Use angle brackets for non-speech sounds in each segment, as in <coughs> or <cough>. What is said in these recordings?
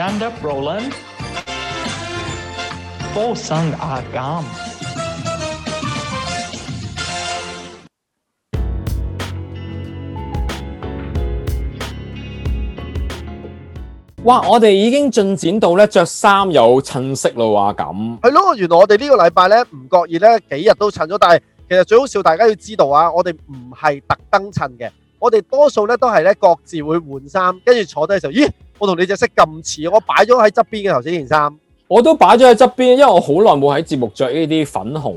Stand up, Roland、啊。For sang agam。哇，我哋已經進展到呢，着衫有襯色啦喎咁。係咯、嗯，原來我哋呢個禮拜呢，唔覺意呢幾日都襯咗，但係其實最好笑，大家要知道啊，我哋唔係特登襯嘅。我哋多數都係各自會換衫，跟住坐低嘅時候，咦？我同你隻色咁似，我擺咗喺側邊嘅頭先件衫，我都擺咗喺側邊，因為我好耐冇喺節目著呢啲粉紅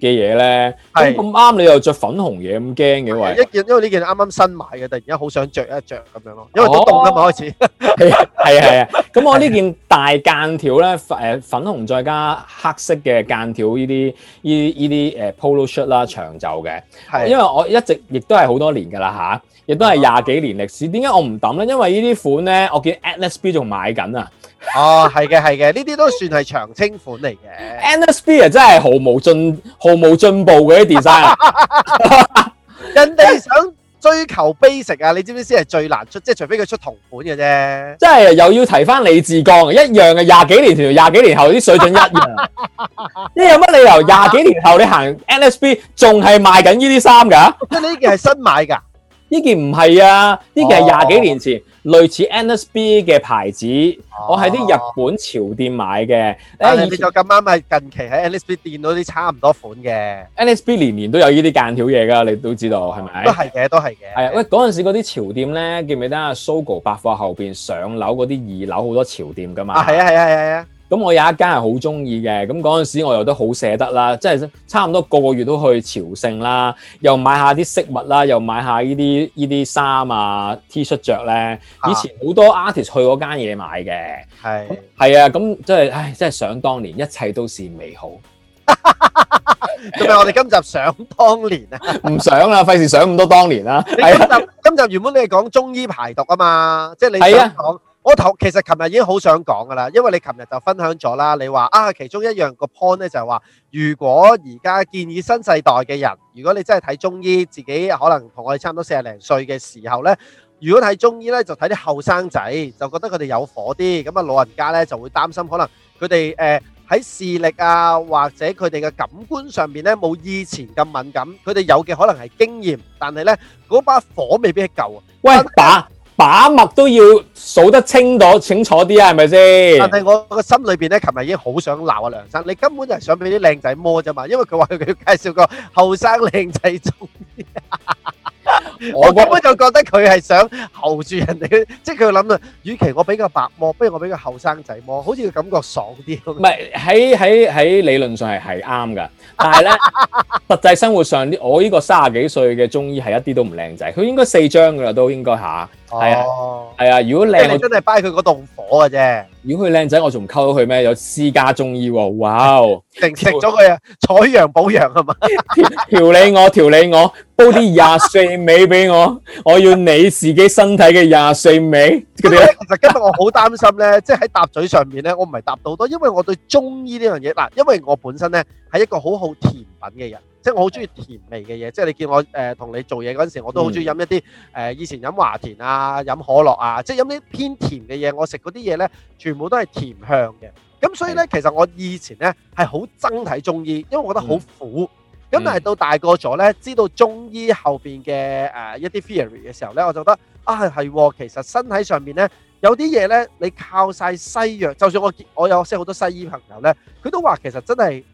嘅嘢咧，係咁啱你又着粉紅嘢咁驚嘅，因為一件因為呢件啱啱新買嘅，突然間好想着一着咁樣咯，因為好凍啦嘛開始，係啊係啊，係啊。咁 <laughs> 我呢件大間條咧，誒粉紅再加黑色嘅間條呢啲呢啲啲誒 polo shirt 啦長袖嘅，係的因為我一直亦都係好多年噶啦吓，亦都係廿幾年歷史，點解我唔抌咧？因為呢啲款咧，我見 AtsB l a 仲買緊啊。哦，係嘅，係嘅，呢啲都算係長青款嚟嘅。N S B 真係毫無進，毫無進步嘅啲 design。 <laughs> <laughs> 人哋想追求 basic 啊，你知唔知先係最難出？即係除非佢出同款嘅啫。真係又要提翻李志剛，一樣嘅廿幾年同，廿幾年後啲水準一樣。你 <laughs> 有乜理由廿幾年後你行 N S B 仲係賣緊呢啲衫噶？呢件係新買噶。呢件唔係啊，呢件係廿幾年前、哦、類似 NSB 嘅牌子，哦、我喺啲日本潮店買嘅。啊，以前你再咁啱咪近期喺 NSB 見到啲差唔多款嘅。NSB 年年都有呢啲間條嘢㗎，你都知道係咪？都係嘅，都係嘅。係啊，喂，嗰陣時嗰啲潮店咧，記唔記得啊？Sogo 百貨後邊上樓嗰啲二樓好多潮店㗎嘛。啊，係啊，係啊，係啊。咁我有一間係好中意嘅，咁嗰陣時我又都好捨得啦，即係差唔多個個月都去朝聖啦，又買下啲飾物啦，又買下呢啲呢啲衫啊 T 恤著咧，以前好多 artist 去嗰間嘢買嘅，係係啊，咁即係唉，真係想當年一切都是美好，仲咪我哋今集想當年啊？唔想啦，費事想咁多當年啦。你今集今集原本你係講中醫排毒啊嘛，即係你想講。我頭其實琴日已經好想講噶啦，因為你琴日就分享咗啦。你話啊，其中一樣個 point 咧就係話，如果而家建議新世代嘅人，如果你真係睇中醫，自己可能同我哋差唔多四廿零四十零歲嘅時候咧，如果睇中醫咧就睇啲後生仔，就覺得佢哋有火啲。咁啊，老人家咧就會擔心，可能佢哋誒喺視力啊或者佢哋嘅感官上面咧冇以前咁敏感。佢哋有嘅可能係經驗，但係咧嗰把火未必夠啊。喂，是爸。把脈都要數得清楚清楚啲啊，係咪先？但係我個心裏邊咧，琴日已經好想鬧啊，梁生，你根本就係想俾啲靚仔摸啫嘛，因為佢話佢介紹個後生靚仔中醫， <laughs> 我根本就覺得佢係想睺住人哋，即係佢諗到：「與其我俾個白摸，不如我俾個後生仔摸，好似佢感覺爽啲。唔係喺喺喺理論上係係啱㗎，但係咧實際生活上，我呢個卅幾歲嘅中醫係一啲都唔靚仔，佢應該四張㗎啦，都應該吓。係啊，係啊、哦，如果你真係 buy 佢嗰度火嘅啫。如果佢靚仔，我仲唔溝到佢咩？有私家中醫喎，哇、哦！定食咗佢啊，採陽補陽係嘛？調 <laughs> 理我，調理我，煲啲廿四味俾我，我要你自己身體嘅廿四味。 <laughs> 其實今日我好擔心咧，即係喺搭嘴上面咧，我唔係搭到多，因為我對中醫呢樣嘢嗱，因為我本身咧係一個好好甜品嘅人。即係我好中意甜味嘅嘢，即係你見我誒、呃、同你做嘢嗰陣時，我都好中意飲一啲誒、呃、以前飲華田啊、飲可樂啊，即係飲啲偏甜嘅嘢。我食嗰啲嘢咧，全部都係甜香嘅。咁所以咧，其實我以前咧係好憎睇中醫，因為我覺得好苦。咁、嗯、但係到大個咗咧，知道中醫後邊嘅誒一啲 theory 嘅時候咧，我就覺得啊係，其實身體上面咧有啲嘢咧，你靠晒西藥。就算我我有識好多西醫朋友咧，佢都話其實真係。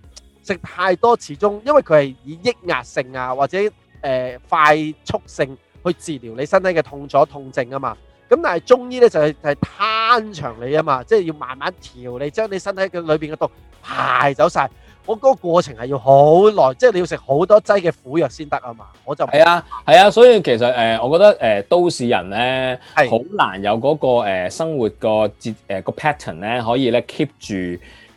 食太多始終，始終因為佢係以抑壓性啊，或者誒、呃、快速性去治療你身體嘅痛楚痛症啊嘛。咁但係中醫咧就係係攤長你啊嘛，即係要慢慢調理，將你身體嘅裏邊嘅毒排走晒。我嗰個過程係要好耐，即係你要食好多劑嘅苦藥先得啊嘛。我就係啊，係啊，所以其實誒、呃，我覺得誒、呃、都市人咧，好是難有嗰、那個、呃、生活個節誒個 pattern 咧，可以咧 keep 住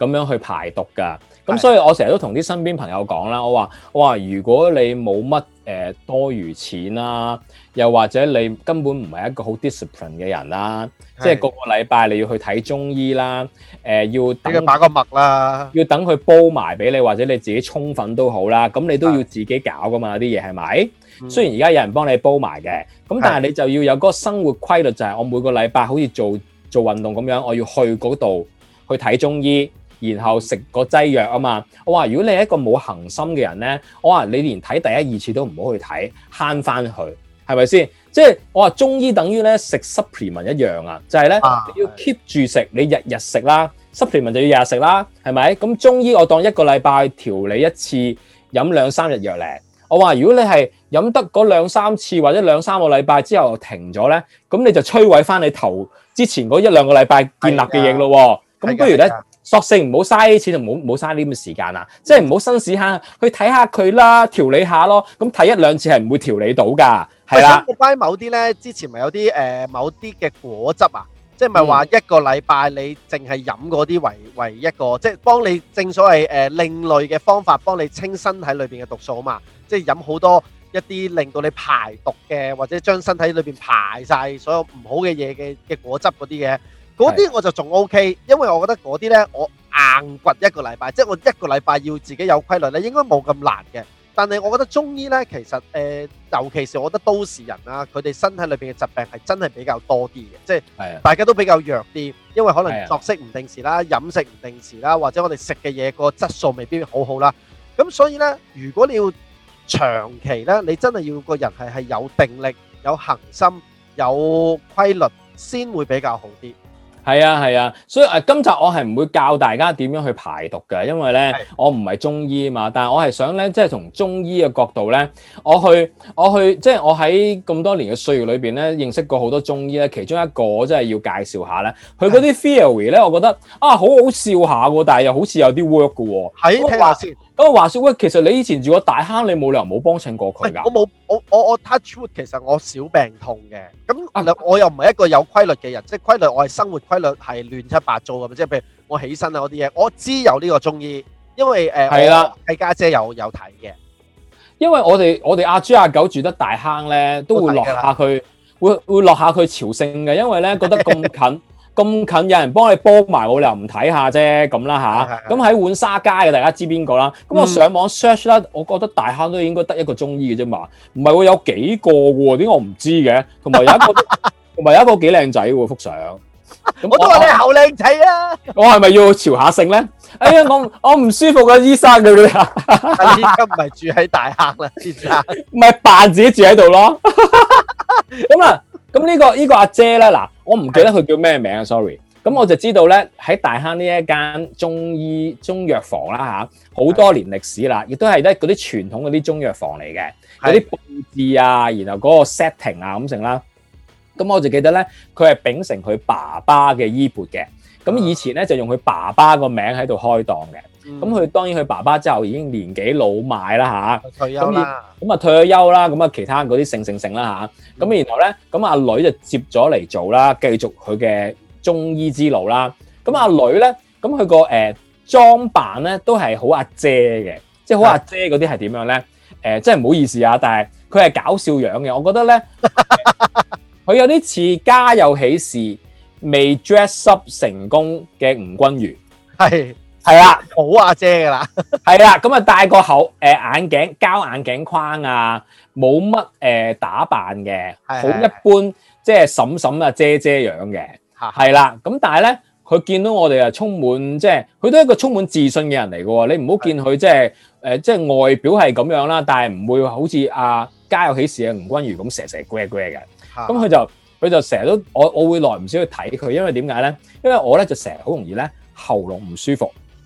咁樣去排毒噶。咁、嗯、所以，我成日都同啲身邊朋友講啦，我話：我話如果你冇乜誒多餘錢啦，又或者你根本唔係一個好 discipline 嘅人啦，是即係個個禮拜你要去睇中醫啦，誒要俾佢擺個脈啦，要等佢煲埋俾你，或者你自己沖粉都好啦，咁你都要自己搞噶嘛，啲嘢係咪？雖然而家有人幫你煲埋嘅，咁但係你就要有嗰個生活規律，就係、是、我每個禮拜好似做做運動咁樣，我要去嗰度去睇中醫。然後食個劑藥啊嘛，我話如果你係一個冇恒心嘅人咧，我話你連睇第一、二次都唔好去睇，慳翻佢，係咪先？即係我話中醫等於咧食 supplement 一樣、就是、啊，就係咧要 keep 住食，你日日食啦，supplement 就要日日食啦，係咪？咁中醫我當一個禮拜調理一次，飲兩三日藥咧。我話如果你係飲得嗰兩三次或者兩三個禮拜之後停咗咧，咁你就摧毀翻你頭之前嗰一兩個禮拜建立嘅嘢咯。咁、啊、不如咧？索性唔好嘥啲錢同唔好嘥呢啲時間啦，嗯、即係唔好新屎下去睇下佢啦，調理下咯。咁睇一兩次係唔會調理到㗎，係啦。嗰班某啲咧，之前咪有啲誒、呃、某啲嘅果汁啊，即係咪話一個禮拜你淨係飲嗰啲為、嗯、為一個，即係幫你正所謂誒、呃、另類嘅方法幫你清身體裏邊嘅毒素啊嘛，即係飲好多一啲令到你排毒嘅，或者將身體裏邊排晒所有唔好嘅嘢嘅嘅果汁嗰啲嘅。嗰啲我就仲 OK，因為我覺得嗰啲呢，我硬掘一個禮拜，即係我一個禮拜要自己有規律呢，應該冇咁難嘅。但係我覺得中醫呢，其實誒，尤其是我覺得都市人啦，佢哋身體裏邊嘅疾病係真係比較多啲嘅，即係大家都比較弱啲，因為可能作息唔定時啦，飲食唔定時啦，或者我哋食嘅嘢個質素未必好好啦。咁所以呢，如果你要長期呢，你真係要個人係係有定力、有恆心、有規律，先會比較好啲。係啊係啊，所以啊今集我係唔會教大家點樣去排毒嘅，因為咧是我唔係中醫啊嘛。但係我係想咧，即係從中醫嘅角度咧，我去我去，即係我喺咁多年嘅歲月裏邊咧，認識過好多中醫咧。其中一個即係要介紹下咧，佢嗰啲 theory 咧，我覺得啊好好笑下喎，但係又好似有啲 work 嘅喎，是說聽咁話說，喂，其實你以前住過大坑，你冇理由冇幫襯過佢㗎。我冇，我我 touch wood，其實我少病痛嘅。咁我又唔係一個有規律嘅人，即係規律，我係生活規律係亂七八糟咁。即係譬如我起身啊嗰啲嘢，我知有呢個中醫，因為誒、呃的，我係家姐，姐有有睇嘅。因為我哋我哋阿豬阿狗住得大坑呢，都會落下去，會會落下去朝聖嘅，因為呢覺得咁近。 <laughs> 咁近有人幫你幫埋我，你又唔睇下啫咁啦吓，咁喺是浣紗街嘅大家知邊個啦？咁我上網 search 啦，嗯、我覺得大坑都應該得一個中醫嘅啫嘛。唔係喎，有幾個嘅喎？點解我唔知嘅？同埋有一個，同埋 <laughs> 有一個幾靚仔嘅喎，幅相。我，我都話你好靚仔啊！我係咪要朝下性咧？哎呀，我我唔舒服啊！醫生嘅你啊，依家唔係住喺大坑啦，醫生唔係扮自己住喺度咯。咁 <laughs> 啊～咁、這個這個、呢個呢個阿姐咧，嗱，我唔記得佢叫咩名啊，sorry。咁我就知道咧，喺大坑呢一間中醫中藥房啦，啊、嚇，好多年歷史啦，亦都係咧嗰啲傳統嗰啲中藥房嚟嘅，有啲佈置啊，然後嗰個 setting 啊咁成啦。咁我就記得咧，佢係秉承佢爸爸嘅衣缽嘅。咁以前咧就用佢爸爸個名喺度開檔嘅。咁佢、嗯、當然佢爸爸之後已經年紀老邁啦吓，退休啦，咁啊、嗯、退咗休啦，咁啊其他嗰啲性性性啦吓，咁、嗯、然後咧，咁阿女就接咗嚟做啦，繼續佢嘅中醫之路啦。咁、嗯、阿、嗯、女咧，咁佢個誒裝扮咧都係好阿姐嘅，即係好阿姐嗰啲係點樣咧？誒是、呃，真係唔好意思啊，但係佢係搞笑樣嘅，我覺得咧，佢、呃、 <laughs> 有啲似家有喜事未 dress up 成功嘅吳君如，係是。係啊，冇阿姐噶啦，係啦，咁啊，戴個口誒眼鏡膠眼鏡框啊，冇乜誒打扮嘅，好一般，即係嬸嬸啊，遮遮樣嘅，係啦。咁但係咧，佢見到我哋啊，充滿即係佢都係一個充滿自信嘅人嚟嘅喎。你唔好見佢即係誒，即係外表係咁樣啦，但係唔會好似啊，家有喜事啊，吳君如咁成成乖乖嘅。咁佢就佢就成日都我我會耐唔少去睇佢，因為點解咧？因為我咧就成日好容易咧喉嚨唔舒服。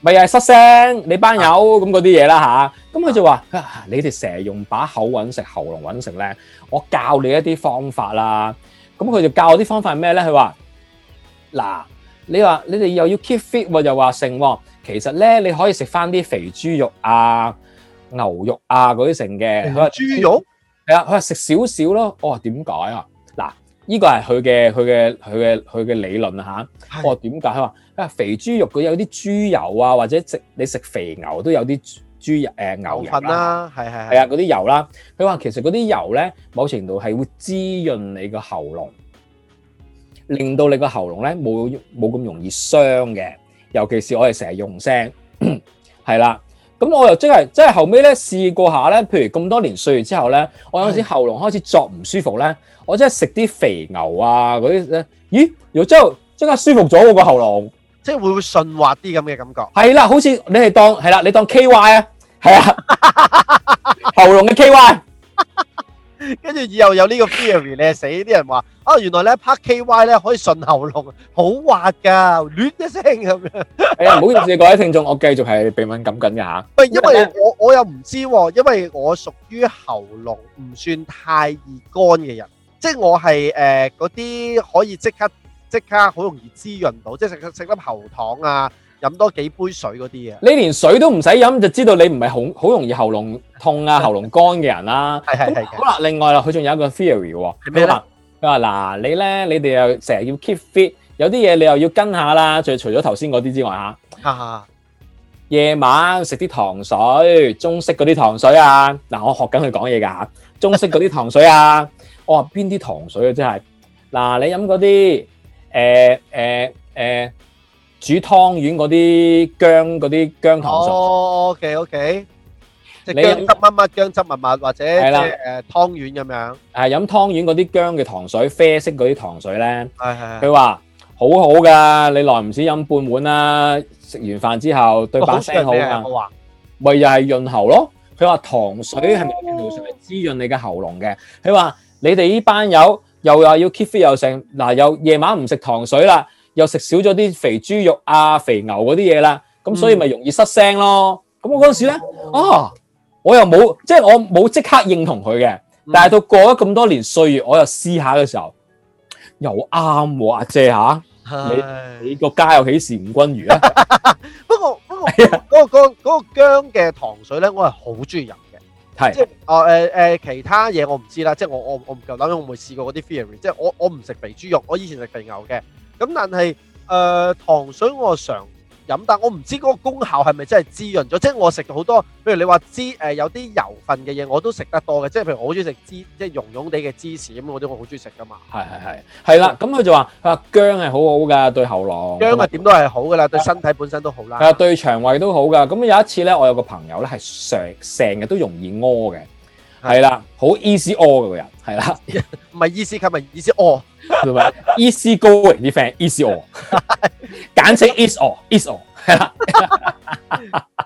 咪又係失聲，你班友咁嗰啲嘢啦吓，咁佢、嗯、就話：你哋成日用把口揾食，喉嚨揾食咧，我教你一啲方法啦。咁佢就教我啲方法係咩咧？佢話：嗱，你話你哋又要 keep fit 又話剩喎，其實咧你可以食翻啲肥豬肉啊、牛肉啊嗰啲剩嘅。佢話豬肉係啊，佢話食少少咯。我話，點解啊？呢個係佢嘅佢嘅佢嘅佢嘅理論嚇。我點解？佢話啊，肥豬肉佢有啲豬油啊，或者食你食肥牛都有啲豬油誒牛油啦，係係係啊嗰啲油啦。佢話其實嗰啲油咧，某程度係會滋潤你個喉嚨，令到你個喉嚨咧冇冇咁容易傷嘅。尤其是我哋成日用聲，係啦。 <coughs> 咁我又即係，即係後尾咧試過下咧，譬如咁多年歲之後咧，我有陣時喉嚨開始作唔舒服咧，我即係食啲肥牛啊嗰啲咧，咦，然之後即刻舒服咗喎個喉嚨，即係會唔會順滑啲咁嘅感覺？係啦，好似你係當係啦，你當 KY 啊，係啊，喉嚨嘅 KY。跟住以後又有呢個 theory 咧，死啲人話啊、哦，原來咧拍 KY 咧可以順喉嚨，好滑㗎，暖一聲咁樣。唔、哎、好意思，各位聽眾，我繼續係鼻敏感緊嘅嚇。唔因為 <laughs> 我我又唔知喎，因為我屬於喉嚨唔算太易乾嘅人，即、就、係、是、我係誒嗰啲可以即刻即刻好容易滋潤到，即係食食粒喉糖啊。飲多幾杯水嗰啲啊，你連水都唔使飲，就知道你唔係好好容易喉嚨痛啊 <laughs> 喉嚨乾嘅人啦、啊。係係係。好啦，另外啦，佢仲有一個 theory 喎。係咩啊？佢話嗱，你咧，你哋又成日要 keep fit，有啲嘢你又要跟下啦。就除咗頭先嗰啲之外嚇。哈哈。 <laughs> 夜晚食啲糖水，中式嗰啲糖水啊！嗱，我學緊佢講嘢㗎嚇。中式嗰啲糖水啊，我話邊啲糖水啊？即係嗱，你飲嗰啲誒誒誒。啊啊啊啊啊啊煮湯圓嗰啲薑嗰啲薑糖水，哦，OK OK，即係薑汁乜乜薑汁乜乜，或者即係誒湯圓咁樣。係飲湯圓嗰啲薑嘅糖水，啡色嗰啲糖水咧，係係。佢話好好㗎，你耐唔少飲半碗啦，食完飯之後對把聲好啊。咪又係潤喉咯？佢話糖水係咪糖水滋潤你嘅喉嚨嘅？佢話你哋呢班友又話要 keep fit 又成，嗱又夜晚唔食糖水啦。又食少咗啲肥豬肉啊、肥牛嗰啲嘢啦，咁、嗯、所以咪容易失聲咯。咁我嗰陣時咧啊，我又冇即係我冇即刻認同佢嘅，嗯、但係到過咗咁多年歲月，我又試下嘅時候又啱喎、啊，阿姐嚇、啊是，你你個家有喜事吳君如啊？不過不過嗰個嗰個薑嘅糖水咧，我係好中意飲嘅，即係啊誒誒其他嘢我唔知啦，即係我我我唔夠膽，我唔會試過嗰啲 theory，即係我我唔食肥豬肉，我以前食肥牛嘅。咁但係誒、呃、糖水我常飲，但我唔知嗰個功效係咪真係滋潤咗？即係我食好多，譬如你話芝誒有啲油份嘅嘢，我都食得多嘅。即係譬如我好中意食芝，即係融融地嘅芝士咁嗰啲，我好中意食噶嘛。係係係，係啦。咁、嗯、佢就話佢話薑係好好㗎，對喉嚨。薑啊點都係好㗎啦，對身體本身都好啦。係啊，對腸胃都好㗎。咁有一次咧，我有個朋友咧係成成日都容易屙嘅。係啦，好 easy <laughs> all 個人， <laughs> <laughs> 係啦，唔係 easy 咪 easy all，easy go 啲 friend easy all，簡稱 easy all easy all，係啦。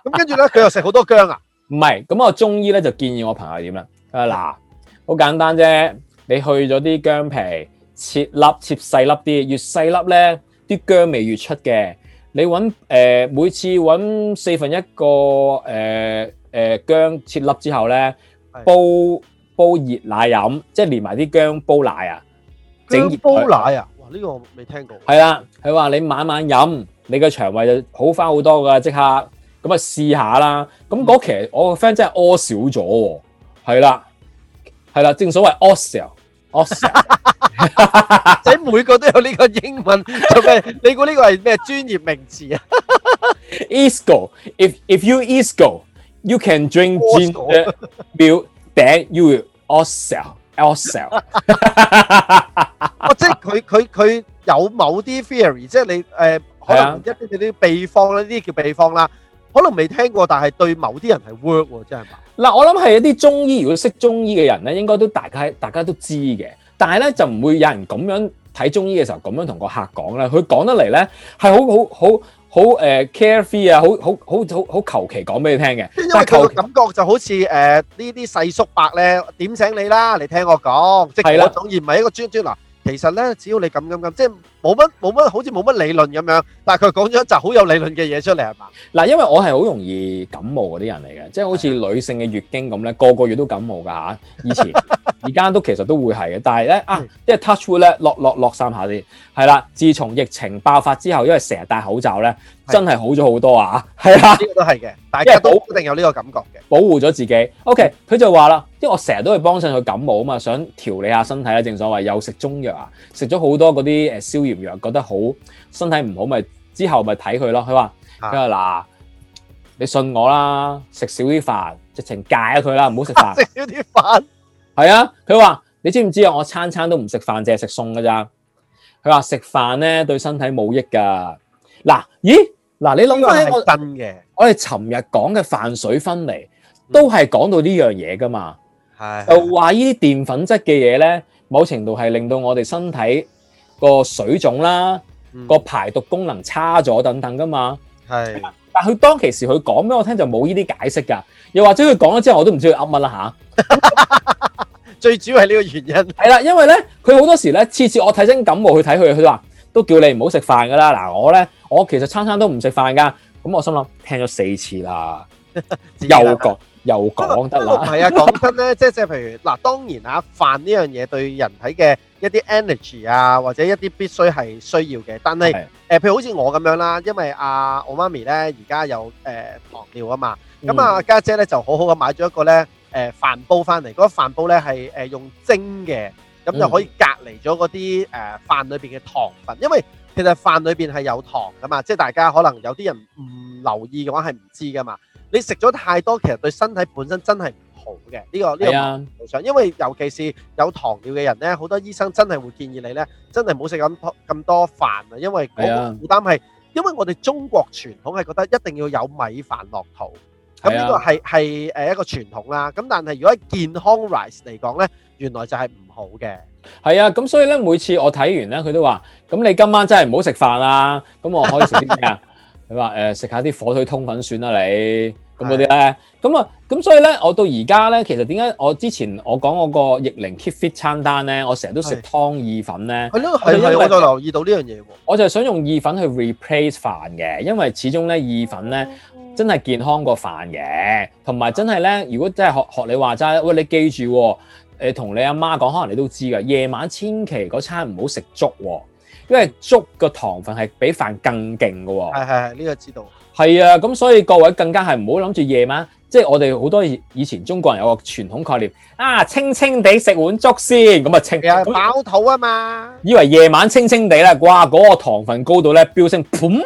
咁跟住咧，佢又食好多薑啊，唔係，咁我中醫咧就建議我朋友點咧？啊嗱，好簡單啫，你去咗啲薑皮，切粒，切細粒啲，越細粒咧，啲薑味越出嘅。你搵誒、呃，每次搵四分一個誒誒薑切粒之後咧。煲煲熱奶飲，即係連埋啲薑煲奶啊！整熱煲奶啊！哇，呢、這個我未聽過。係啦的，佢話、嗯、你晚晚飲，你個腸胃就好翻好多噶，即刻咁啊試下啦。咁嗰、嗯、期我個 friend 真係屙少咗，係啦係啦，正所謂屙少，屙少。即係每個都有呢個英文做咩？ <laughs> <laughs> 你估呢個係咩專業名詞啊 e s c o if if you e s c o You can drink ginger, milk, then you will all sell, all sell。 <laughs> 即係佢佢佢有某啲 theory，即係你誒、呃、可能一啲啲秘方咧，呢啲叫秘方啦。可能未聽過，但係對某啲人係 work 喎，真係嗱、啊，我諗係一啲中醫，如果識中醫嘅人咧，應該都大家大家都知嘅。但係咧就唔會有人咁樣睇中醫嘅時候咁樣同個客講咧。佢講得嚟咧係好好好。好好好。Uh, care free, uh, 好 carefree 啊，好好好好好求其講俾你聽嘅，因為佢個感覺就好似誒、uh, 呢啲細叔伯咧點醒你啦，你聽我講，即係嗰種而唔係一個專專嗱、啊，其實咧只要你咁咁咁，即係。冇乜冇乜，好似冇乜理論咁樣，但係佢講咗一集好有理論嘅嘢出嚟，係嘛？嗱，因為我係好容易感冒嗰啲人嚟嘅，即係好似女性嘅月經咁咧，個個月都感冒㗎嚇。以前而家都其實都會係嘅，但係咧啊，嗯、因為 touch wood 咧，落落落散下啲係啦。自從疫情爆發之後，因為成日戴口罩咧，的真係好咗好多啊！係啊的，呢個的都係嘅，因為保護定有呢個感覺嘅，保護咗自己。OK，佢就話啦，因為我成日都去幫襯佢感冒啊嘛，想調理下身體啦。正所謂又食中藥啊，食咗好多嗰啲誒消炎。覺得好身體唔好，咪之後咪睇佢咯。佢話：佢話嗱，你信我啦，食少啲飯，直情戒佢啦，唔好食飯。食少啲飯係啊！佢話：你知唔知啊？我餐餐都唔食飯，淨係食餸噶咋？佢話食飯咧對身體冇益噶。嗱，咦嗱，你諗翻係真嘅？我哋尋日講嘅飯水分離，都係講到呢樣嘢噶嘛？係、嗯、就話呢啲澱粉質嘅嘢咧，某程度係令到我哋身體。個水腫啦，個排毒功能差咗等等噶嘛，係的。但佢當其時佢講俾我聽就冇呢啲解釋噶，又或者佢講咗之後我都唔知佢噏乜啦吓。啊、 <laughs> 最主要係呢個原因係啦， <laughs> 因為咧佢好多時咧次次我睇身感冒去睇佢，佢話都叫你唔好食飯噶啦。嗱、啊、我咧我其實餐餐都唔食飯噶，咁、啊、我心諗聽咗四次啦 <laughs> 了，又講又講得啦。唔係啊，講真咧，即係即係譬如嗱，當然啊飯呢樣嘢對人體嘅。一啲 energy 啊，或者一啲必須係需要嘅，但係誒的、呃、譬如好似我咁樣啦，因為阿、啊、我媽咪咧而家有誒、呃、糖尿啊嘛，咁、嗯嗯、啊家姐咧就好好咁買咗一個咧誒、呃、飯煲翻嚟，嗰個飯煲咧係誒用蒸嘅，咁就可以隔離咗嗰啲誒飯裏邊嘅糖分，因為其實飯裏邊係有糖噶嘛，即係大家可能有啲人唔留意嘅話係唔知噶嘛，你食咗太多其實對身體本身真係。好嘅，呢個呢個冇錯，因為尤其是有糖尿嘅人咧，好多醫生真係會建議你咧，真係唔好食咁咁多飯啊，因為嗰個負擔係，因為我哋中國傳統係覺得一定要有米飯落肚，咁呢個係係誒一個傳統啦。咁但係如果喺健康 rice 嚟講咧，原來就係唔好嘅。係啊，咁所以咧每次我睇完咧，佢都話，咁你今晚真係唔好食飯啦。咁我可以食啲咩啊？佢話誒食下啲火腿通粉算啦，你。啲咧，咁啊，咁所以咧，我到而家咧，其實點解我之前我講我個逆齡 keep fit 餐單咧，我成日都食湯意粉咧，係咯的，係、就係，我就留意到呢樣嘢喎。我就係想用意粉去 replace 飯嘅，因為始終咧意粉咧真係健康過飯嘅，同埋真係咧，如果真係學學你話齋，喂，你記住，誒同你阿媽講，可能你都知㗎，夜晚千祈嗰餐唔好食粥，因為粥個糖分係比飯更勁嘅。係係係，呢個知道。係啊，咁所以各位更加係唔好諗住夜晚，即係我哋好多以前中國人有個傳統概念啊，清清地食碗粥先，咁啊清，飽肚啊嘛。以為夜晚清清地咧，哇嗰個糖分高到咧飆升，嘭，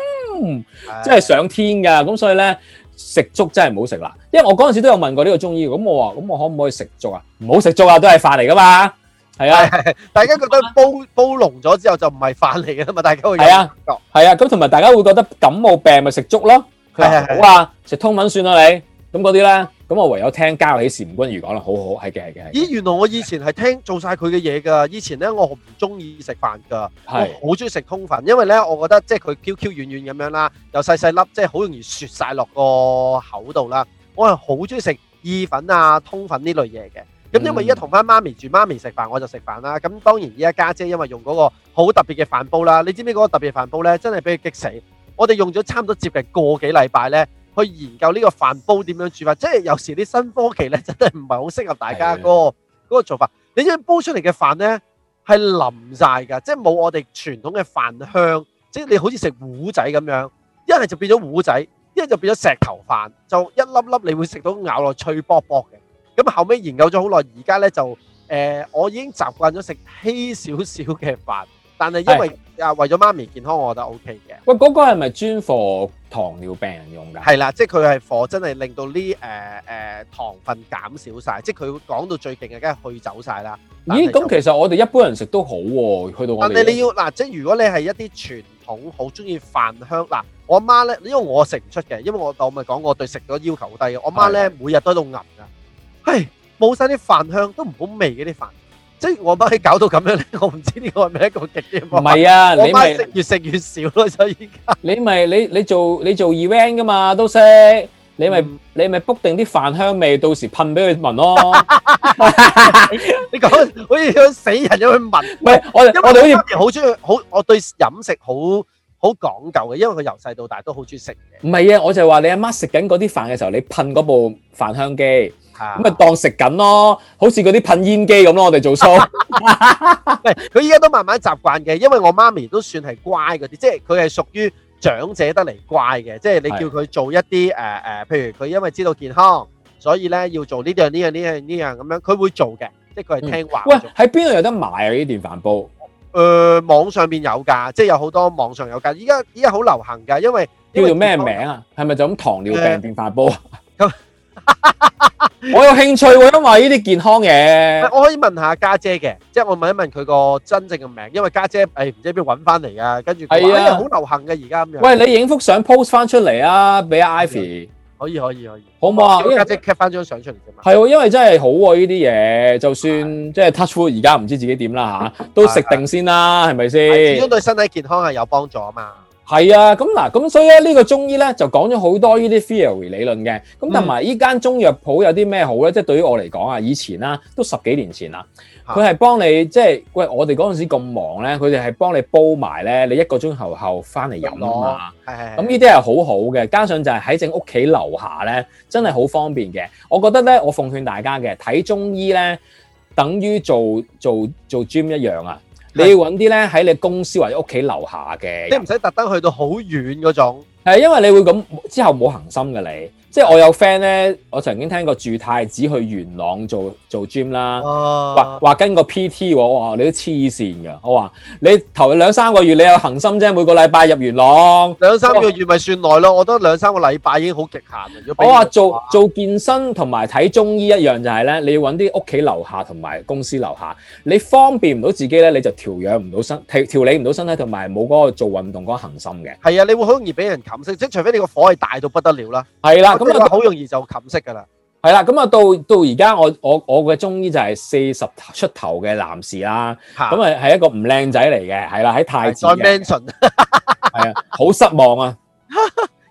即係上天噶，咁所以咧食粥真係唔好食啦。因為我嗰陣時都有問過呢個中醫，咁我話咁我可唔可以食粥啊？唔好食粥啊，都係飯嚟噶嘛。係係、啊， <noise> 大家覺得煲煲濃咗之後就唔係飯嚟嘅啦嘛，大家會係啊，係啊，咁同埋大家會覺得感冒病咪食粥咯，好啊，食通粉算啦你，咁嗰啲咧，咁我唯有聽交你時吳君如講啦，好好係嘅係嘅。咦，原來我以前係聽做晒佢嘅嘢噶，以前咧我唔中意食飯噶，我好中意食通粉，因為咧我覺得即係佢 Q Q 軟軟咁樣啦，又細細粒，即係好容易雪晒落個口度啦，我係好中意食意粉啊通粉呢類嘢嘅。咁、嗯、因為而家同翻媽咪住，媽咪食飯我就食飯啦。咁當然而家家姐因為用嗰個好特別嘅飯煲啦，你知唔知嗰個特別飯煲咧，真係俾佢激死。我哋用咗差唔多接近個幾禮拜咧，去研究呢個飯煲點樣煮法。即係有時啲新科技咧，真係唔係好適合大家嗰個嗰個做法。你因為煲出嚟嘅飯咧係淋晒㗎，即係冇我哋傳統嘅飯香。即係你好似食糊仔咁樣，一係就變咗糊仔，一係就變咗石頭飯，就一粒粒你會食到咬落脆卜卜嘅。咁後尾研究咗好耐，而家咧就誒、呃，我已經習慣咗食稀少少嘅飯，但係因為啊，的為咗媽咪健康，我覺得 O K 嘅。喂，嗰、那個係咪專貨糖尿病用㗎？係啦，即係佢係貨真係令到呢誒誒糖分減少晒，即係佢講到最勁嘅，梗係去走晒啦。咦？咁其實我哋一般人食都好喎、啊，去到我哋你要嗱，即係如果你係一啲傳統好鍾意飯香嗱，我媽咧，因為我食唔出嘅，因為我我咪講過對食嘅要求好低嘅，我媽咧的每日都喺度吟㗎。係冇晒啲飯香，都唔好味嘅啲飯。即係我把你搞到咁樣咧，我唔知呢個係咪一個極端方法。唔係啊，我媽 你咪越食越少咯，就依家。你咪你你做你做 event 噶嘛，都識。你咪、嗯、你咪 book 定啲飯香味，到時噴俾佢聞咯。 <laughs> <laughs> 你講好似想死人咁去聞。唔係我我哋好似好中意好，我對飲食好好講究嘅，因為佢由細到大都好中意食。嘅。唔係啊，我就係話你阿媽食緊嗰啲飯嘅時候，你噴嗰部飯香機。咁咪當食緊咯，好似嗰啲噴煙機咁咯，我哋做 show。喂，佢依家都慢慢習慣嘅，因為我媽咪都算係乖嗰啲，即係佢係屬於長者得嚟乖嘅，即係你叫佢做一啲誒誒，譬如佢因為知道健康，所以咧要做呢樣呢樣呢樣呢樣咁樣，佢會做嘅，即係佢係聽話。喂，喺邊度有得買啊？呢電飯煲？誒，網上邊有噶，即係有好多網上有噶，依家依家好流行噶，因為叫做咩名啊？係咪就咁糖尿病電飯煲？咁。 <laughs> 我有興趣喎，因為呢啲健康嘅，我可以問下家姐嘅，即係我問一問佢個真正嘅名，因為家姐誒唔知邊度搵翻嚟啊。跟住係啊，好流行嘅而家咁樣。喂，你影幅相 post 翻出嚟啊，俾阿 Ivy，可以可以可以，好唔好啊？家姐 cap 翻張相出嚟啫嘛。係，因為真係好喎，呢啲嘢，就算 <laughs> 即係 touchful 而家唔知自己點啦吓， <laughs> 都食定先啦，係咪先？始終對身體健康係有幫助啊嘛。係啊，咁嗱，咁所以咧，呢個中醫咧就講咗好多呢啲 theory 理論嘅，咁同埋依間中藥鋪有啲咩好咧？即、就、係、是、對於我嚟講啊，以前啦，都十幾年前啦，佢係、嗯、幫你即係、就是，喂，我哋嗰陣時咁忙咧，佢哋係幫你煲埋咧，你一個鐘頭後翻嚟飲啊嘛。係係、嗯。咁依啲係好好嘅，加上就係喺正屋企樓下咧，真係好方便嘅。我覺得咧，我奉勸大家嘅睇中醫咧，等於做做做 gym 一樣啊。你要揾啲咧喺你公司或者屋企樓下嘅，你唔使特登去到好遠嗰種。係，因為你會咁之後冇恒心嘅你。即係我有 friend 咧，我曾經聽過住太子去元朗做做 gym 啦，話話哇跟個 PT 我話你都黐線㗎，我話你頭兩三個月你有恒心啫，每個禮拜入元朗兩三個月咪算耐咯我，我覺得兩三個禮拜已經好極限啦，我話做做健身同埋睇中醫一樣就係、是、咧，你要揾啲屋企樓下同埋公司樓下，你方便唔到自己咧，你就調養唔到身體，調調理唔到身體，同埋冇嗰個做運動嗰個恆心嘅。係啊，你會好容易俾人冚熄，即係除非你個火係大到不得了啦。係啦、啊。好容易就冚色噶啦，係啦，咁啊，到到而家我我我嘅中醫就係四十出頭嘅男士啦，咁啊係一個唔靚仔嚟嘅，係啦，喺太子，再 mention，係啊，好失望啊，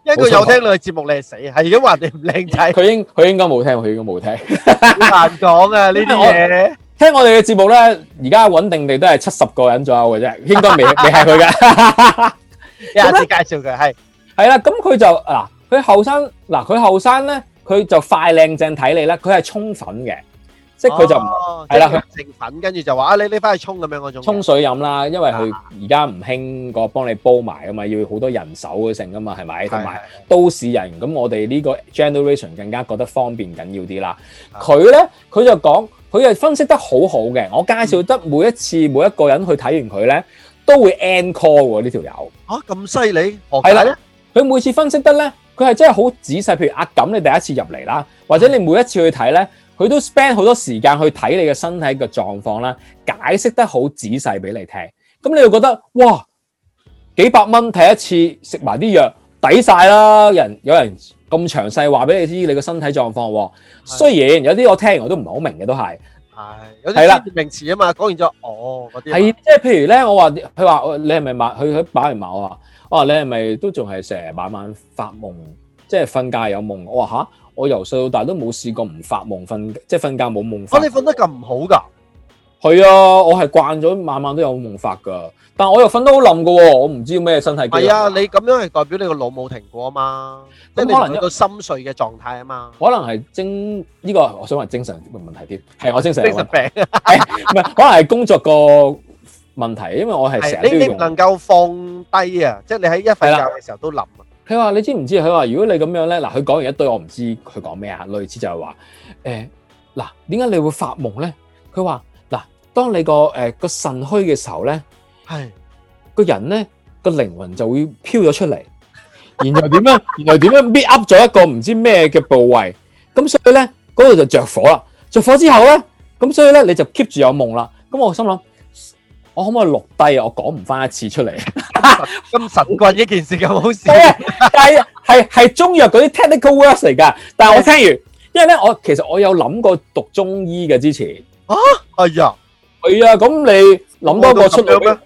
因為有聽你節目你係死啊，係咁話人哋唔靚仔，佢應佢應該冇聽，佢應該冇聽，難講啊呢啲嘢，聽我哋嘅節目咧，而家穩定地都係七十個人左右嘅啫，應該未未係佢嘅，第一次介紹佢係係啦，咁佢就嗱。佢後生嗱，佢後生咧，佢就快靚正睇你啦。佢係沖粉嘅，即係佢就唔係啦。佢淨粉，跟住就話啊，你你翻去沖咁樣嗰種沖水飲啦，因為佢而家唔興過幫你煲埋啊嘛，要好多人手嘅剩噶嘛，係咪？同埋都市人咁，我哋呢個 generation 更加覺得方便緊要啲啦。佢咧，佢就講佢係分析得好好嘅。我介紹得每一次每一個人去睇完佢咧，都會 encore 喎，呢條友啊咁犀利，係啦，佢每次分析得咧。佢係真係好仔細，譬如壓感，你第一次入嚟啦，或者你每一次去睇咧，佢都 spend 好多時間去睇你嘅身體嘅狀況啦，解釋得好仔細俾你聽。咁你就覺得哇，幾百蚊睇一次，食埋啲藥抵晒啦！人有人咁詳細話俾你知你嘅身體狀況。的雖然有啲我聽我都唔係好明嘅，都係係係啦，有名詞啊嘛，講完咗哦，係即係譬如咧，我話佢話你係咪買？佢佢把完脈啊？我、啊、你係咪都仲係成日晚晚發夢，即係瞓覺有夢？我話吓，我由細到大都冇試過唔發夢瞓，即係瞓覺冇夢。你瞓得咁唔好噶？係啊，我係慣咗晚晚都有夢發噶，但我又瞓得好冧噶喎，我唔知咩身體係啊！你咁樣係代表你個腦冇停過啊嘛，即可能你一個心碎嘅狀態啊嘛。可能係精呢、這個，我想話精神問題啲係我精神病，係唔係？可能係工作個問題，因為我係成日都要用。你你唔能夠放低啊！即係你喺一瞓覺嘅時候都諗。佢話：你知唔知？佢話：如果你咁樣咧，嗱，佢講完一堆，我唔知佢講咩啊。類似就係話，誒嗱，點解你會發夢咧？佢話：嗱，當你個誒個腎虛嘅時候咧，係個人咧個靈魂就會飄咗出嚟，然後點樣？然後點樣搣 up 咗一個唔知咩嘅部位？咁所以咧嗰度就着火啦！着火之後咧，咁所以咧你就 keep 住有夢啦。咁我心諗。我可唔可以錄低啊？我講唔翻一次出嚟。咁 <laughs> 神棍呢件事咁好事？係 <laughs> 啊，係係中藥嗰啲 technical words 嚟噶。但係我聽完，因為咧，我其實我有諗過讀中醫嘅之前。啊，係、哎、啊，係啊。咁你諗多個出路？咩？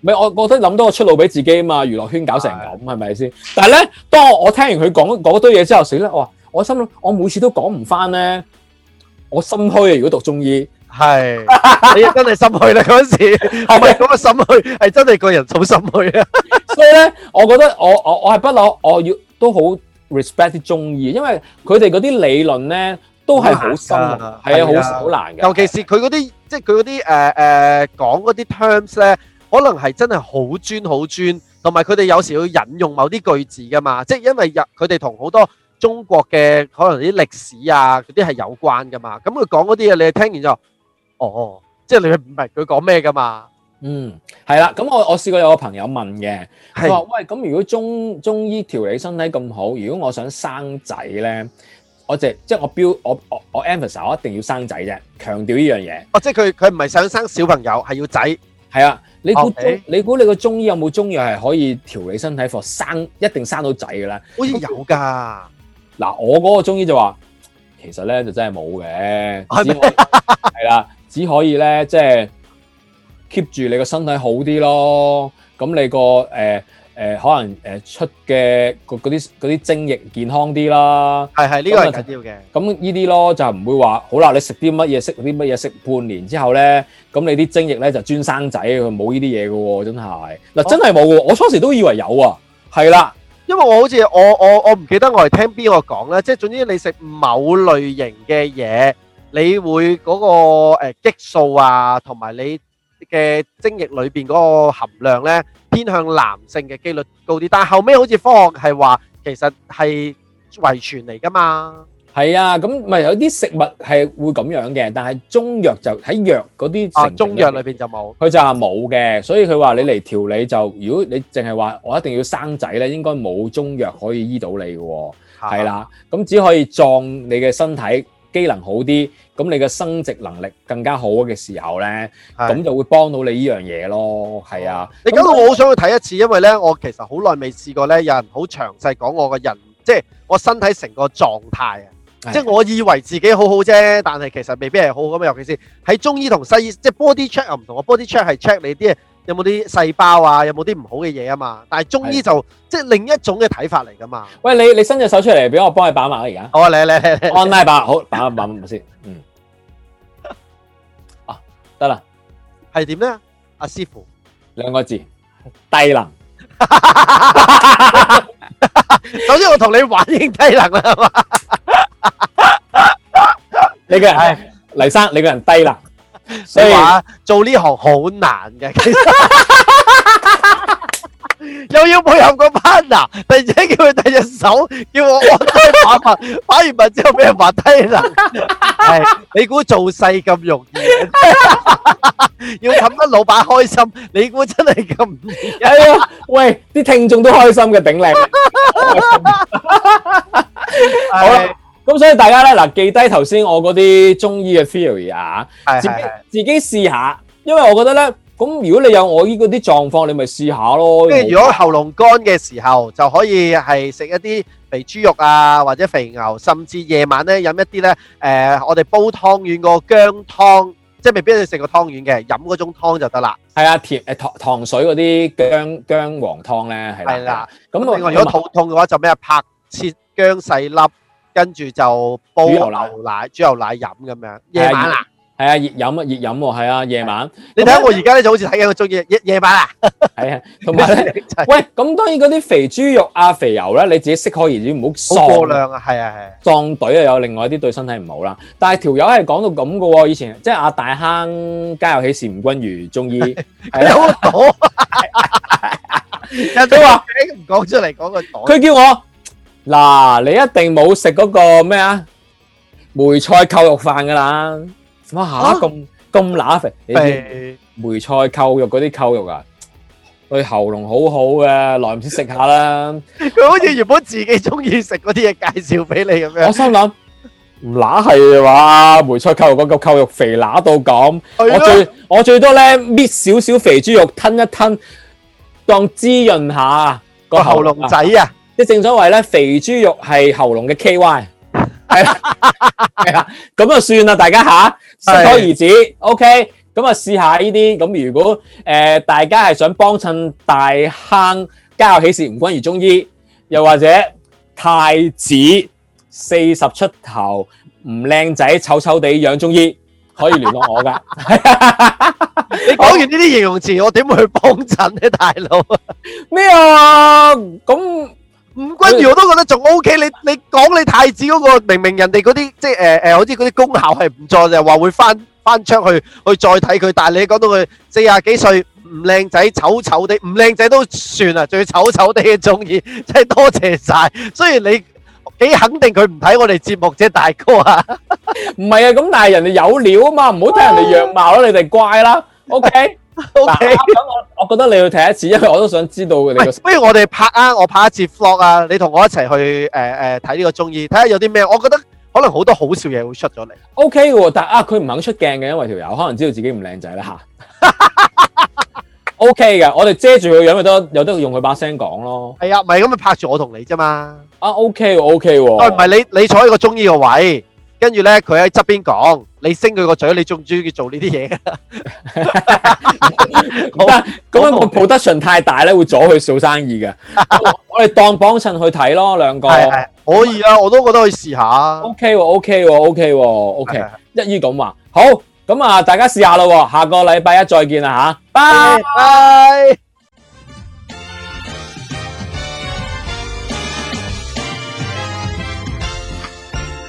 唔係我，我覺得諗多個出路俾自己啊嘛。娛樂圈搞成咁，係咪先？但係咧，當我，我聽完佢講嗰堆嘢之後，死啦！我我心諗，我每次都講唔翻咧，我心虛啊！如果讀中醫。係，你真係心虛啦！嗰陣時係咪咁嘅心虛？係真係個人好心虛啊！所以咧，我覺得我我我係不嬲，我要都好 respect 啲中醫，因為佢哋嗰啲理論咧都係好深，係啊，好好難嘅。尤其呀是佢嗰啲即係佢嗰啲誒誒講嗰啲 terms 咧，可能係真係好專好專，同埋佢哋有時要引用某啲句子噶嘛，即係因為入佢哋同好多中國嘅可能啲歷史啊嗰啲係有關噶嘛。咁佢講嗰啲嘢，你聽完之後。哦，即係你唔係佢講咩噶嘛？嗯，係啦。咁我我試過有個朋友問嘅，佢話的喂，咁如果中中醫調理身體咁好，如果我想生仔咧，我就即係即係我標我我我 emphasize 我一定要生仔啫，強調呢樣嘢。哦，即係佢佢唔係想生小朋友，係要仔。係啊，你估 Okay. 你估你個中醫有冇中藥係可以調理身體，或生一定生到仔噶啦？好似有噶。嗱，我嗰個中醫就話。其實咧就真係冇嘅，係啦嗎， <laughs> 只可以咧即係 keep 住你個身體好啲咯。咁你個誒誒，可能誒、呃、出嘅嗰啲啲精液健康啲啦。係係的，呢個係重要嘅。咁呢啲咯就唔會話好啦。你食啲乜嘢，食啲乜嘢食半年之後咧，咁你啲精液咧就專生仔，佢冇呢啲嘢嘅喎，真係。嗱，真係冇。啊、我初時都以為有啊，係啦。因為我好似我我我唔記得我係聽邊個講咧，即係總之你食某類型嘅嘢，你會嗰個誒激素啊，同埋你嘅精液裏邊嗰個含量咧，偏向男性嘅幾率高啲。但係後尾好似科學係話，其實係遺傳嚟噶嘛。係啊，咁咪有啲食物係會咁樣嘅，但係中藥就喺藥嗰啲成裏、啊、中藥裏邊就冇佢就話冇嘅，所以佢話你嚟調理就如果你淨係話我一定要生仔咧，應該冇中藥可以醫到你嘅喎，係啦、啊，咁、啊、只可以壯你嘅身體機能好啲，咁你嘅生殖能力更加好嘅時候咧，咁、啊、就會幫到你呢樣嘢咯。係啊，嗯、你到我好想去睇一次，因為咧我其實好耐未試過咧，有人好詳細講我嘅人，即、就、係、是、我身體成個狀態啊。即係我以為自己好好啫，但係其實未必係好咁，尤其是喺中醫同西醫，即係 body check 又唔同啊。 <laughs> body check 係 check 你啲有冇啲細胞啊，有冇啲唔好嘅嘢啊嘛。但係中醫就的即係另一種嘅睇法嚟噶嘛。喂，你你伸隻手出嚟，俾我幫你把脈啊！而家，我嚟嚟嚟，online 把好把脈先。嗯， <laughs> 啊得啦，係點咧？阿、啊、師傅，兩個字，低能。 <laughs> <laughs> 首先我同你玩已經低能啦， <laughs> 你個人係黎生，你個人低啦，所以做呢行好難嘅，其實又要配合個班啊，突然間叫佢遞隻手，叫我按低筆文，發完文之後俾人發低啦。係你估做細咁容易？要氹得老闆開心，你估真係咁？係啊，喂，啲聽眾都開心嘅，頂你。好啦。咁所以大家咧嗱，記低頭先我嗰啲中醫嘅 theory 啊，是的 自己是的 自己試下，因為我覺得咧，咁如果你有我呢啲狀況，你咪試下咯。跟住如果喉嚨乾嘅時候，就可以係食一啲肥豬肉啊，或者肥牛，甚至夜晚咧飲一啲咧，誒、呃，我哋煲湯圓嗰個薑湯，即係未必你食個湯圓嘅，飲嗰種湯就得啦。係啊，甜誒糖糖水嗰啲薑薑黃湯咧，係啦。咁的另外如果肚痛嘅話，就咩啊，拍切薑細粒。跟住就煲牛奶、豬牛奶，豬奶飲咁樣，夜晚啊，係啊，熱飲啊，熱飲喎，係啊，夜晚。你睇下我而家咧就好似睇緊個中醫，夜夜晚啊，係啊，同埋喂，咁當然嗰啲肥豬肉啊、肥油咧，你自己適可而止，唔好餸，過量啊，係啊係。撞隊又有另外一啲對身體唔好啦，但係條友係講到咁嘅喎，以前即係阿大坑家有喜事，吳君如中醫。有袋、啊。阿仔話，唔講出嚟，講個袋。佢叫我。嗱，你一定冇食嗰個咩啊？梅菜扣肉飯噶啦，乜吓咁咁乸肥？梅梅菜扣肉嗰啲扣肉啊，對喉嚨好好嘅，耐唔時食下啦。佢好似原本自己中意食嗰啲嘢，介紹俾你咁樣。我心諗乸係話梅菜扣肉嗰嚿扣肉肥乸到咁，我最我最多咧搣少少肥豬肉吞一吞，當滋潤下個喉嚨仔啊！即正所謂咧，肥豬肉係喉嚨嘅 K Y，係啦，係咁啊算啦，大家嚇適可而止，O K，咁啊試下呢啲。咁如果誒、呃、大家係想幫襯大坑家有喜事吳君如中醫，又或者太子四十出頭唔靚仔，醜醜地養中醫，可以聯絡我㗎。 <laughs> <laughs> 你講完呢啲形容詞，我點會去幫襯咧，大佬咩 <laughs> 啊？咁～吳君如我都覺得仲 O K，你你講你太子嗰、那個明明人哋嗰啲即係誒誒，好似嗰啲功效係唔錯，又、就、話、是、會翻翻出去去再睇佢，但係你講到佢四廿幾歲唔靚仔，醜醜啲唔靚仔都算啊，最要醜醜啲嘅鍾意，真係多謝晒。所以你幾肯定佢唔睇我哋節目啫，大哥啊，唔 <laughs> 係啊，咁但係人哋有料啊嘛，唔好睇人哋樣貌咯，你哋怪啦，O K。Okay? <laughs> O K，咁我我覺得你要睇一次，因為我都想知道嘅呢個。不如我哋拍啊，我拍一次 Vlog 啊，你同我一齊去誒誒睇呢個中醫，睇下有啲咩？我覺得可能好多好笑嘢會出咗嚟。O K 嘅，但係啊，佢唔肯出鏡嘅，因為條友可能知道自己唔靚仔啦吓。O K 嘅，我哋遮住佢樣咪得，有得用佢把聲講咯。係、哎、啊，咪咁咪拍住我同你啫嘛。啊，O K，O K。喂，唔係你你坐喺個中醫個位。跟住咧，佢喺側邊講，你升佢個嘴，你仲唔中意做呢啲嘢？咁啊， <laughs> <laughs> 咁啊，個 production 太大咧，會阻佢做生意嘅、 <laughs> 啊。我哋當幫襯去睇咯，兩個是是是可以啊為，我都覺得可以試下。OK，OK，OK，OK，、okay, okay, okay, okay, okay, 一於咁話。好，咁啊，大家試下咯。下個禮拜一再見啦，吓、啊，拜拜 Bye。